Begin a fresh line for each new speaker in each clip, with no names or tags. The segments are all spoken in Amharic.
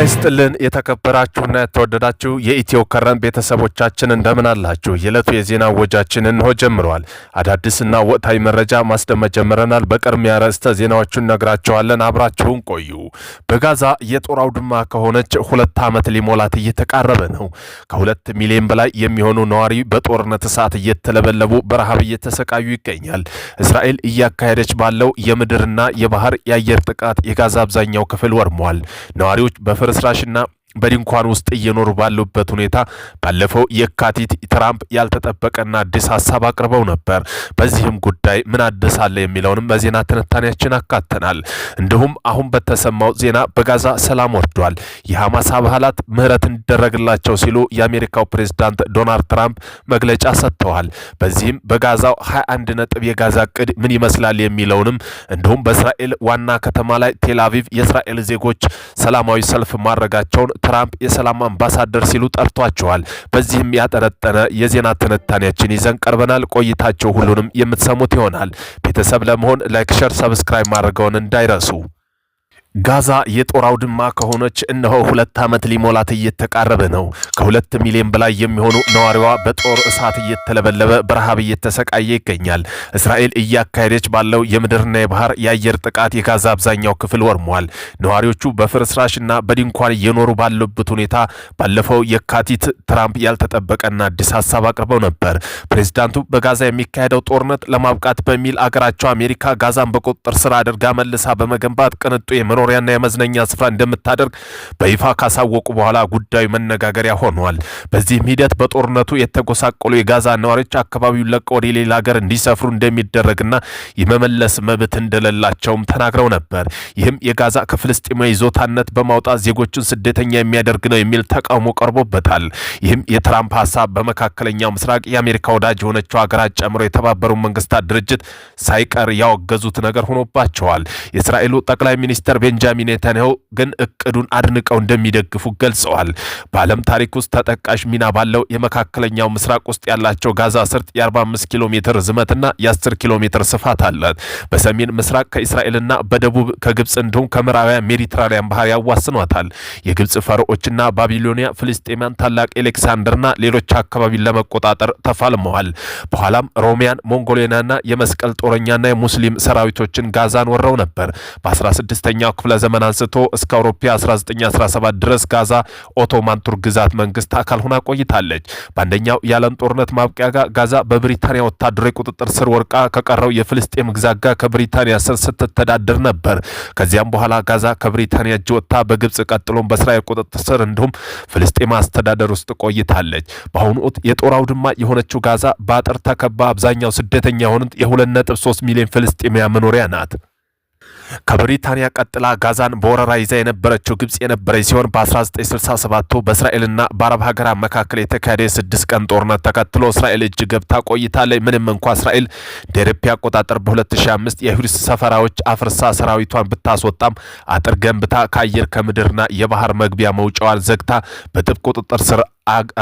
ጤና ይስጥልን የተከበራችሁና የተወደዳችሁ የኢትዮ ከረም ቤተሰቦቻችን እንደምን አላችሁ? የዕለቱ የዜና ወጃችን እንሆ ጀምረዋል። አዳዲስና ወቅታዊ መረጃ ማስደመጥ ጀምረናል። በቅድሚያ ርዕስተ ዜናዎቹን እነግራችኋለን። አብራችሁን ቆዩ። በጋዛ የጦር አውድማ ከሆነች ሁለት ዓመት ሊሞላት እየተቃረበ ነው። ከሁለት ሚሊዮን በላይ የሚሆኑ ነዋሪ በጦርነት እሳት እየተለበለቡ በረሃብ እየተሰቃዩ ይገኛል። እስራኤል እያካሄደች ባለው የምድርና የባህር የአየር ጥቃት የጋዛ አብዛኛው ክፍል ወድሟል። ነዋሪዎች በፍ ፍርስራሽና በድንኳን ውስጥ እየኖሩ ባሉበት ሁኔታ ባለፈው የካቲት ትራምፕ ያልተጠበቀና አዲስ ሀሳብ አቅርበው ነበር። በዚህም ጉዳይ ምን አዲስ አለ የሚለውንም በዜና ትንታኔያችን አካተናል። እንዲሁም አሁን በተሰማው ዜና በጋዛ ሰላም ወርዷል። የሐማስ አባላት ምህረት እንዲደረግላቸው ሲሉ የአሜሪካው ፕሬዝዳንት ዶናልድ ትራምፕ መግለጫ ሰጥተዋል። በዚህም በጋዛው 21 ነጥብ የጋዛ እቅድ ምን ይመስላል የሚለውንም እንዲሁም በእስራኤል ዋና ከተማ ላይ ቴል አቪቭ የእስራኤል ዜጎች ሰላማዊ ሰልፍ ማድረጋቸውን ትራምፕ የሰላም አምባሳደር ሲሉ ጠርቷቸዋል። በዚህም ያጠነጠነ የዜና ትንታኔያችን ይዘን ቀርበናል። ቆይታቸው ሁሉንም የምትሰሙት ይሆናል። ቤተሰብ ለመሆን ላይክ፣ ሸር፣ ሰብስክራይብ ማድረገውን እንዳይረሱ። ጋዛ የጦር አውድማ ከሆነች እነሆ ሁለት ዓመት ሊሞላት እየተቃረበ ነው። ከሁለት ሚሊዮን በላይ የሚሆኑ ነዋሪዋ በጦር እሳት እየተለበለበ በረሃብ እየተሰቃየ ይገኛል። እስራኤል እያካሄደች ባለው የምድርና የባህር የአየር ጥቃት የጋዛ አብዛኛው ክፍል ወድሟል። ነዋሪዎቹ በፍርስራሽና በድንኳን እየኖሩ ባለበት ሁኔታ ባለፈው የካቲት ትራምፕ ያልተጠበቀና አዲስ ሀሳብ አቅርበው ነበር። ፕሬዚዳንቱ በጋዛ የሚካሄደው ጦርነት ለማብቃት በሚል አገራቸው አሜሪካ ጋዛን በቁጥጥር ስር አድርጋ መልሳ በመገንባት ቅንጡ የመኖሪያና የመዝናኛ ስፍራ እንደምታደርግ በይፋ ካሳወቁ በኋላ ጉዳዩ መነጋገሪያ ሆኗል። በዚህም ሂደት በጦርነቱ የተጎሳቆሉ የጋዛ ነዋሪዎች አካባቢውን ለቀው ወደ ሌላ ሀገር እንዲሰፍሩ እንደሚደረግና የመመለስ መብት እንደሌላቸውም ተናግረው ነበር። ይህም የጋዛ ከፍልስጤማዊ ይዞታነት በማውጣት ዜጎቹን ስደተኛ የሚያደርግ ነው የሚል ተቃውሞ ቀርቦበታል። ይህም የትራምፕ ሀሳብ በመካከለኛው ምስራቅ የአሜሪካ ወዳጅ የሆነችው ሀገራት ጨምሮ የተባበሩ መንግስታት ድርጅት ሳይቀር ያወገዙት ነገር ሆኖባቸዋል። የእስራኤሉ ጠቅላይ ሚኒስትር ቤንጃሚን ኔታንያሁ ግን እቅዱን አድንቀው እንደሚደግፉ ገልጸዋል። በዓለም ታሪክ ውስጥ ተጠቃሽ ሚና ባለው የመካከለኛው ምስራቅ ውስጥ ያላቸው ጋዛ ስርጥ የ45 ኪሎ ሜትር ርዝመትና የ10 ኪሎ ሜትር ስፋት አላት። በሰሜን ምስራቅ ከእስራኤልና በደቡብ ከግብፅ እንዲሁም ከምዕራባውያን ሜዲትራኒያን ባህር ያዋስኗታል። የግብፅ ፈርዖችና ባቢሎኒያ ፍልስጤማያን ታላቅ ኤሌክሳንደርና ሌሎች አካባቢን ለመቆጣጠር ተፋልመዋል። በኋላም ሮሚያን፣ ሞንጎሊያና የመስቀል ጦረኛና የሙስሊም ሰራዊቶችን ጋዛን ወረው ነበር። በ16ኛው ክፍለ ዘመን አንስቶ እስከ አውሮፓ 1917 ድረስ ጋዛ ኦቶማን ቱርክ ግዛት መንግስት አካል ሆና ቆይታለች። በአንደኛው የዓለም ጦርነት ማብቂያ ጋር ጋዛ በብሪታንያ ወታደራዊ ቁጥጥር ስር ወርቃ ከቀረው የፍልስጤም ግዛት ጋር ከብሪታንያ ስር ስትተዳደር ነበር። ከዚያም በኋላ ጋዛ ከብሪታንያ እጅ ወጥታ በግብፅ ቀጥሎም በእስራኤል ቁጥጥር ስር እንዲሁም ፍልስጤም አስተዳደር ውስጥ ቆይታለች። በአሁኑ ወቅት የጦር አውድማ የሆነችው ጋዛ በአጥር ተከባ አብዛኛው ስደተኛ የሆኑት የ2.3 ሚሊዮን ፍልስጤማያ መኖሪያ ናት። ከብሪታንያ ቀጥላ ጋዛን በወረራ ይዛ የነበረችው ግብጽ የነበረች ሲሆን በ1967 በእስራኤልና በአረብ ሀገራት መካከል የተካሄደ የስድስት ቀን ጦርነት ተከትሎ እስራኤል እጅ ገብታ ቆይታለች። ምንም እንኳ እስራኤል ደርፕ አቆጣጠር በ2005 የሁዲስ ሰፈራዎች አፍርሳ ሰራዊቷን ብታስወጣም አጥር ገንብታ ከአየር ከምድርና የባህር መግቢያ መውጫዋን ዘግታ በጥብቅ ቁጥጥር ስር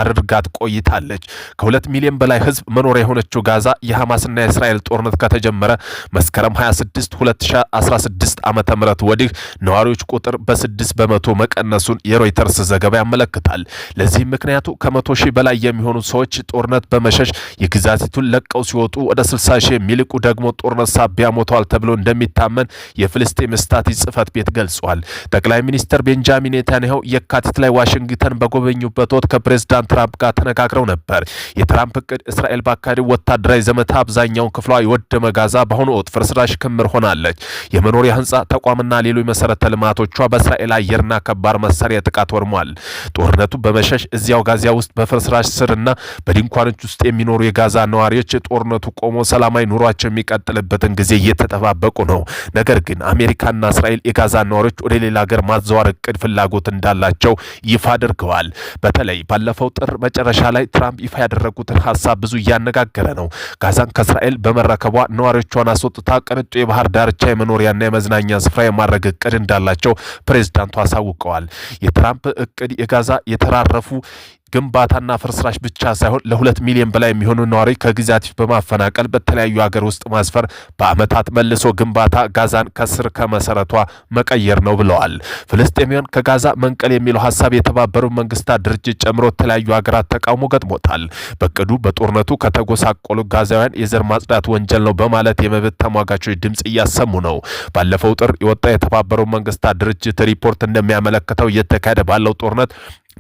አድርጋት ቆይታለች። ከሁለት ሚሊዮን በላይ ህዝብ መኖሪያ የሆነችው ጋዛ የሐማስና የእስራኤል ጦርነት ከተጀመረ መስከረም 26 2016 ስድስት ዓመተ ምህረት ወዲህ ነዋሪዎች ቁጥር በስድስት በመቶ መቀነሱን የሮይተርስ ዘገባ ያመለክታል። ለዚህም ምክንያቱ ከመቶ ሺህ በላይ የሚሆኑ ሰዎች ጦርነት በመሸሽ የግዛቲቱን ለቀው ሲወጡ ወደ 60 ሺህ የሚልቁ ደግሞ ጦርነት ሳቢያ ሞተዋል ተብሎ እንደሚታመን የፍልስጤም ስታቲ ጽህፈት ቤት ገልጿል። ጠቅላይ ሚኒስትር ቤንጃሚን ኔታንያሁ የካቲት ላይ ዋሽንግተን በጎበኙበት ወቅት ከፕሬዝዳንት ትራምፕ ጋር ተነጋግረው ነበር። የትራምፕ እቅድ እስራኤል ባካሄደው ወታደራዊ ዘመታ አብዛኛውን ክፍሏ የወደመ ጋዛ በአሁኑ ወቅት ፍርስራሽ ክምር ሆናለች። የመኖሪ ህንፃ ተቋምና ሌሎች መሰረተ ልማቶቿ በእስራኤል አየርና ከባድ መሳሪያ ጥቃት ወርሟል። ጦርነቱ በመሸሽ እዚያው ጋዚያ ውስጥ በፍርስራሽ ስርና በድንኳኖች ውስጥ የሚኖሩ የጋዛ ነዋሪዎች ጦርነቱ ቆሞ ሰላማዊ ኑሯቸው የሚቀጥልበትን ጊዜ እየተጠባበቁ ነው። ነገር ግን አሜሪካና እስራኤል የጋዛ ነዋሪዎች ወደ ሌላ ሀገር ማዘዋር እቅድ ፍላጎት እንዳላቸው ይፋ አድርገዋል። በተለይ ባለፈው ጥር መጨረሻ ላይ ትራምፕ ይፋ ያደረጉትን ሀሳብ ብዙ እያነጋገረ ነው። ጋዛን ከእስራኤል በመረከቧ ነዋሪዎቿን አስወጥታ ቅንጡ የባህር ዳርቻ የመኖሪያና የመዝናኛ ስፍራ የማድረግ እቅድ እንዳላቸው ፕሬዝዳንቱ አሳውቀዋል። የትራምፕ እቅድ የጋዛ የተራረፉ ግንባታና ፍርስራሽ ብቻ ሳይሆን ለሁለት ሚሊዮን በላይ የሚሆኑ ነዋሪ ከጊዜያቲፍ በማፈናቀል በተለያዩ ሀገር ውስጥ ማስፈር በአመታት መልሶ ግንባታ ጋዛን ከስር ከመሰረቷ መቀየር ነው ብለዋል። ፍልስጤሚያን ከጋዛ መንቀል የሚለው ሀሳብ የተባበሩ መንግስታት ድርጅት ጨምሮ የተለያዩ ሀገራት ተቃውሞ ገጥሞታል። በቅዱ በጦርነቱ ከተጎሳቆሉ ጋዛውያን የዘር ማጽዳት ወንጀል ነው በማለት የመብት ተሟጋቾች ድምፅ እያሰሙ ነው። ባለፈው ጥር የወጣ የተባበሩ መንግስታት ድርጅት ሪፖርት እንደሚያመለክተው እየተካሄደ ባለው ጦርነት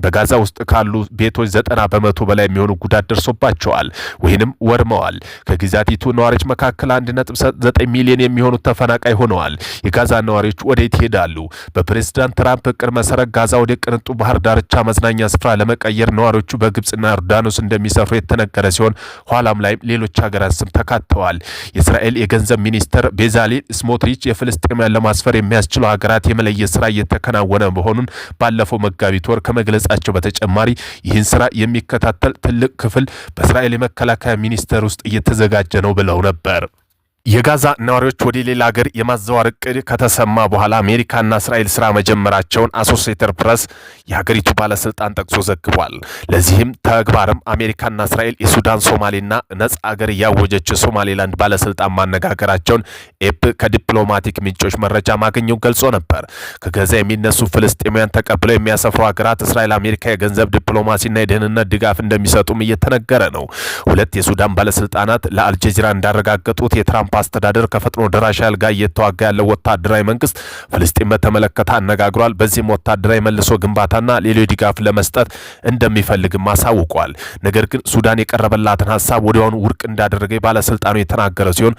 በጋዛ ውስጥ ካሉ ቤቶች ዘጠና በመቶ በላይ የሚሆኑ ጉዳት ደርሶባቸዋል ወይንም ወድመዋል። ከግዛቲቱ ነዋሪዎች መካከል አንድ ነጥብ ዘጠኝ ሚሊዮን የሚሆኑ ተፈናቃይ ሆነዋል። የጋዛ ነዋሪዎች ወዴት ይሄዳሉ? በፕሬዝዳንት ትራምፕ እቅድ መሰረት ጋዛ ወደ ቅንጡ ባህር ዳርቻ መዝናኛ ስፍራ ለመቀየር ነዋሪዎቹ በግብፅና ዮርዳኖስ እንደሚሰፍሩ የተነገረ ሲሆን ኋላም ላይ ሌሎች ሀገራት ስም ተካተዋል። የእስራኤል የገንዘብ ሚኒስትር ቤዛሌል ስሞትሪች የፍልስጤማውያን ለማስፈር የሚያስችለው ሀገራት የመለየት ስራ እየተከናወነ መሆኑን ባለፈው መጋቢት ወር ከመግለጽ ከመግለጻቸው በተጨማሪ ይህን ስራ የሚከታተል ትልቅ ክፍል በእስራኤል የመከላከያ ሚኒስቴር ውስጥ እየተዘጋጀ ነው ብለው ነበር። የጋዛ ነዋሪዎች ወደ ሌላ ሀገር የማዘዋወር እቅድ ከተሰማ በኋላ አሜሪካና እስራኤል ስራ መጀመራቸውን አሶሴተር ፕረስ የሀገሪቱ ባለስልጣን ጠቅሶ ዘግቧል። ለዚህም ተግባርም አሜሪካና እስራኤል የሱዳን ሶማሌና ነጻ ሀገር እያወጀች ሶማሌላንድ ባለስልጣን ማነጋገራቸውን ኤፕ ከዲፕሎማቲክ ምንጮች መረጃ ማግኘው ገልጾ ነበር። ከገዛ የሚነሱ ፍልስጤማውያን ተቀብለው የሚያሰፍሩ ሀገራት እስራኤል አሜሪካ የገንዘብ ዲፕሎማሲና የደህንነት ድጋፍ እንደሚሰጡም እየተነገረ ነው። ሁለት የሱዳን ባለስልጣናት ለአልጀዚራ እንዳረጋገጡት የትራምፕ አስተዳደር ከፈጥኖ ደራሽ ኃይል ጋር እየተዋጋ ያለው ወታደራዊ መንግስት ፍልስጤም በተመለከተ አነጋግሯል። በዚህም ወታደራዊ መልሶ ግንባታና ሌሎች ድጋፍ ለመስጠት እንደሚፈልግም አሳውቋል። ነገር ግን ሱዳን የቀረበላትን ሀሳብ ወዲያውኑ ውድቅ እንዳደረገ ባለስልጣኑ የተናገረ ሲሆን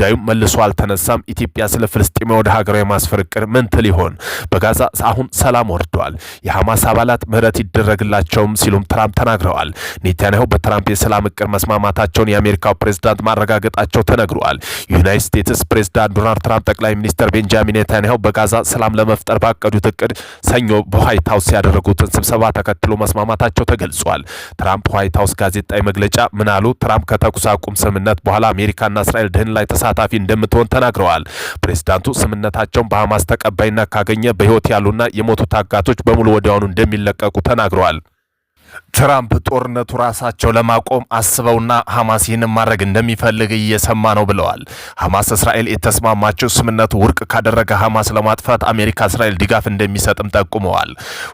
ጉዳዩ መልሶ አልተነሳም። ኢትዮጵያ ስለ ፍልስጤም ወደ ሀገሯ የማስፈር እቅድ ምን ትል ይሆን? በጋዛ አሁን ሰላም ወርዷል፣ የሐማስ አባላት ምህረት ይደረግላቸውም ሲሉም ትራምፕ ተናግረዋል። ኔታንያሁ በትራምፕ የሰላም እቅድ መስማማታቸውን የአሜሪካው ፕሬዝዳንት ማረጋገጣቸው ተነግረዋል። ዩናይትድ ስቴትስ ፕሬዝዳንት ዶናልድ ትራምፕ ጠቅላይ ሚኒስትር ቤንጃሚን ኔታንያሁ በጋዛ ሰላም ለመፍጠር ባቀዱት እቅድ ሰኞ በዋይት ሀውስ ያደረጉትን ስብሰባ ተከትሎ መስማማታቸው ተገልጿል። ትራምፕ ዋይት ሀውስ ጋዜጣዊ መግለጫ ምን አሉ? ትራምፕ ከተኩስ አቁም ስምምነት በኋላ አሜሪካና እስራኤል ድህን ላይ ተሳ ተሳታፊ እንደምትሆን ተናግረዋል። ፕሬዚዳንቱ ስምነታቸውን በሐማስ ተቀባይነት ካገኘ በሕይወት ያሉና የሞቱ ታጋቶች በሙሉ ወዲያውኑ እንደሚለቀቁ ተናግረዋል። ትራምፕ ጦርነቱ ራሳቸው ለማቆም አስበውና ሐማስ ይህንን ማድረግ እንደሚፈልግ እየሰማ ነው ብለዋል። ሐማስ እስራኤል የተስማማቸው ስምነቱ ውድቅ ካደረገ ሐማስ ለማጥፋት አሜሪካ እስራኤል ድጋፍ እንደሚሰጥም ጠቁመዋል።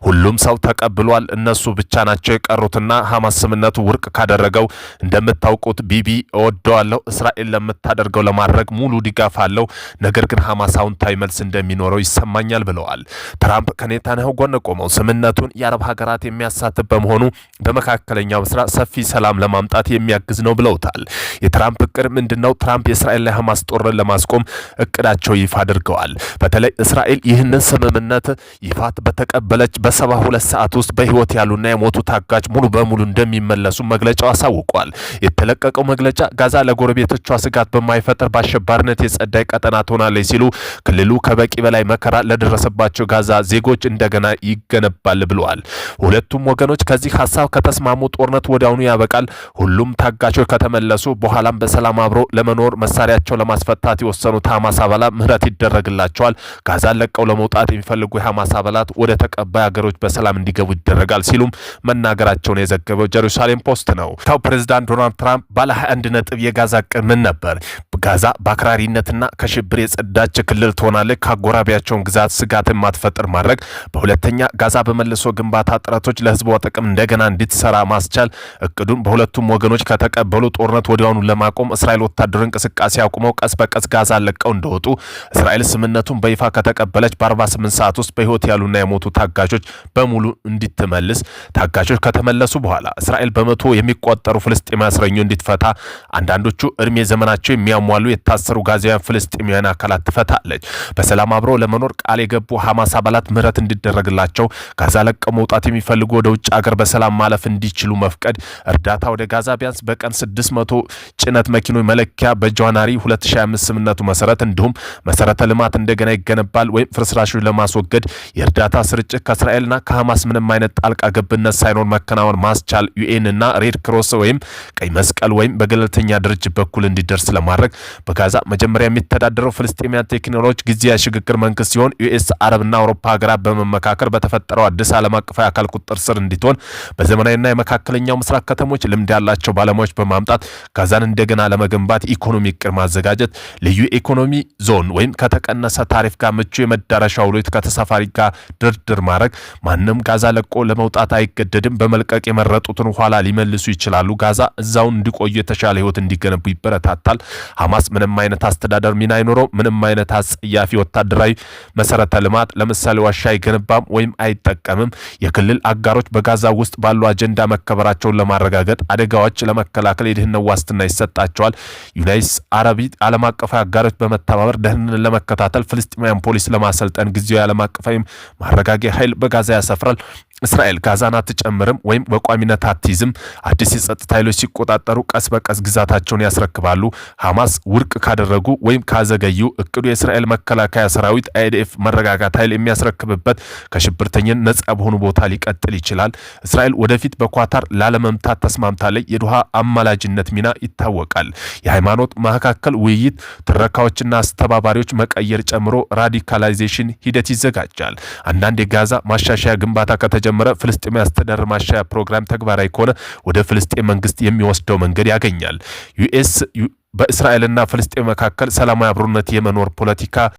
ሁሉም ሰው ተቀብሏል፣ እነሱ ብቻ ናቸው የቀሩትና ሐማስ ስምነቱ ውድቅ ካደረገው እንደምታውቁት ቢቢ እወደዋለሁ፣ እስራኤል ለምታደርገው ለማድረግ ሙሉ ድጋፍ አለው፣ ነገር ግን ሐማስ አዎንታዊ መልስ እንደሚኖረው ይሰማኛል ብለዋል። ትራምፕ ከኔታንያሁ ጎን ቆመው ስምነቱን የአረብ ሀገራት የሚያሳትፍ በመሆኑ መሆኑ በመካከለኛው ምስራቅ ሰፊ ሰላም ለማምጣት የሚያግዝ ነው ብለውታል። የትራምፕ እቅድ ምንድነው? ትራምፕ የእስራኤል ላይ ሐማስ ጦርን ለማስቆም እቅዳቸው ይፋ አድርገዋል። በተለይ እስራኤል ይህንን ስምምነት ይፋት በተቀበለች በሰባ ሁለት ሰዓት ውስጥ በህይወት ያሉና የሞቱ ታጋች ሙሉ በሙሉ እንደሚመለሱ መግለጫው አሳውቋል። የተለቀቀው መግለጫ ጋዛ ለጎረቤቶቿ ስጋት በማይፈጥር በአሸባሪነት የጸዳይ ቀጠና ትሆናለች ሲሉ ክልሉ ከበቂ በላይ መከራ ለደረሰባቸው ጋዛ ዜጎች እንደገና ይገነባል ብለዋል። ሁለቱም ወገኖች ከዚህ በዚህ ሀሳብ ከተስማሙ ጦርነት ወዲያውኑ ያበቃል። ሁሉም ታጋቾች ከተመለሱ በኋላም በሰላም አብሮ ለመኖር መሳሪያቸው ለማስፈታት የወሰኑት ሀማስ አባላት ምህረት ይደረግላቸዋል። ጋዛን ለቀው ለመውጣት የሚፈልጉ የሀማስ አባላት ወደ ተቀባይ ሀገሮች በሰላም እንዲገቡ ይደረጋል ሲሉም መናገራቸውን የዘገበው ጀሩሳሌም ፖስት ነው። ታው ፕሬዚዳንት ዶናልድ ትራምፕ ባለ 21 ነጥብ የጋዛ ቅምን ነበር ጋዛ በአክራሪነትና ከሽብር የጸዳች ክልል ትሆናለች፣ ከአጎራቢያቸውን ግዛት ስጋት የማትፈጥር ማድረግ፣ በሁለተኛ ጋዛ በመልሶ ግንባታ ጥረቶች ለህዝቧ ጥቅም እንደገና እንድትሰራ ማስቻል። እቅዱን በሁለቱም ወገኖች ከተቀበሉ ጦርነት ወዲያውኑ ለማቆም እስራኤል ወታደሩ እንቅስቃሴ አቁመው ቀስ በቀስ ጋዛ ለቀው እንደወጡ፣ እስራኤል ስምነቱን በይፋ ከተቀበለች በ48 ሰዓት ውስጥ በህይወት ያሉና የሞቱ ታጋቾች በሙሉ እንድትመልስ፣ ታጋቾች ከተመለሱ በኋላ እስራኤል በመቶ የሚቆጠሩ ፍልስጤማ እስረኞ እንድትፈታ፣ አንዳንዶቹ እድሜ ዘመናቸው የሚያሟ የተሟሉ የታሰሩ ጋዜያውያን ፍልስጤማውያን አካላት ትፈታለች። በሰላም አብረው ለመኖር ቃል የገቡ ሐማስ አባላት ምህረት እንዲደረግላቸው፣ ጋዛ ለቀው መውጣት የሚፈልጉ ወደ ውጭ ሀገር በሰላም ማለፍ እንዲችሉ መፍቀድ፣ እርዳታ ወደ ጋዛ ቢያንስ በቀን 600 ጭነት መኪኖች መለኪያ በጃንዋሪ 2025 ስምነቱ መሰረት እንዲሁም መሰረተ ልማት እንደገና ይገነባል ወይም ፍርስራሾች ለማስወገድ የእርዳታ ስርጭት ከእስራኤልና ከሐማስ ምንም አይነት ጣልቃ ገብነት ሳይኖር መከናወን ማስቻል ዩኤን እና ሬድ ክሮስ ወይም ቀይ መስቀል ወይም በገለልተኛ ድርጅት በኩል እንዲደርስ ለማድረግ በጋዛ መጀመሪያ የሚተዳደረው ፍልስጤማውያን ቴክኖሎጂ ጊዜ የሽግግር መንግስት ሲሆን ዩኤስ አረብና አውሮፓ ሀገራት በመመካከር በተፈጠረው አዲስ ዓለም አቀፋዊ አካል ቁጥር ስር እንዲትሆን በዘመናዊና የመካከለኛው ምስራቅ ከተሞች ልምድ ያላቸው ባለሙያዎች በማምጣት ጋዛን እንደገና ለመገንባት ኢኮኖሚ እቅድ ማዘጋጀት፣ ልዩ ኢኮኖሚ ዞን ወይም ከተቀነሰ ታሪፍ ጋር ምቹ የመዳረሻ ውሎት ከተሳፋሪ ጋር ድርድር ማድረግ፣ ማንም ጋዛ ለቆ ለመውጣት አይገደድም። በመልቀቅ የመረጡትን ኋላ ሊመልሱ ይችላሉ። ጋዛ እዛውን እንዲቆዩ የተሻለ ህይወት እንዲገነቡ ይበረታታል። ሐማስ ምንም አይነት አስተዳደር ሚና አይኖረው፣ ምንም አይነት አጸያፊ ወታደራዊ መሰረተ ልማት ለምሳሌ ዋሻ አይገነባም ወይም አይጠቀምም። የክልል አጋሮች በጋዛ ውስጥ ባሉ አጀንዳ መከበራቸውን ለማረጋገጥ አደጋዎች ለመከላከል የደህንነት ዋስትና ይሰጣቸዋል። ዩናይስ አረቢ ዓለም አቀፋዊ አጋሮች በመተባበር ደህንነት ለመከታተል ፍልስጤማውያን ፖሊስ ለማሰልጠን ጊዜያዊ ዓለም አቀፋዊ ማረጋጊያ ኃይል በጋዛ ያሰፍራል። እስራኤል ጋዛን አትጨምርም ወይም በቋሚነት አትይዝም። አዲስ የጸጥታ ኃይሎች ሲቆጣጠሩ ቀስ በቀስ ግዛታቸውን ያስረክባሉ። ሐማስ ትዕዛዝ ውድቅ ካደረጉ ወይም ካዘገዩ እቅዱ የእስራኤል መከላከያ ሰራዊት አይዲኤፍ መረጋጋት ኃይል የሚያስረክብበት ከሽብርተኝን ነጻ በሆኑ ቦታ ሊቀጥል ይችላል። እስራኤል ወደፊት በኳታር ላለመምታት ተስማምታለች። የዱሃ አማላጅነት ሚና ይታወቃል። የሃይማኖት መካከል ውይይት፣ ትረካዎችና አስተባባሪዎች መቀየር ጨምሮ ራዲካላይዜሽን ሂደት ይዘጋጃል። አንዳንድ የጋዛ ማሻሻያ ግንባታ ከተጀመረ ፍልስጤም የአስተዳደር ማሻያ ፕሮግራም ተግባራዊ ከሆነ ወደ ፍልስጤም መንግስት የሚወስደው መንገድ ያገኛል ዩኤስ በእስራኤልና ፍልስጤም መካከል ሰላማዊ አብሮነት የመኖር ፖለቲካ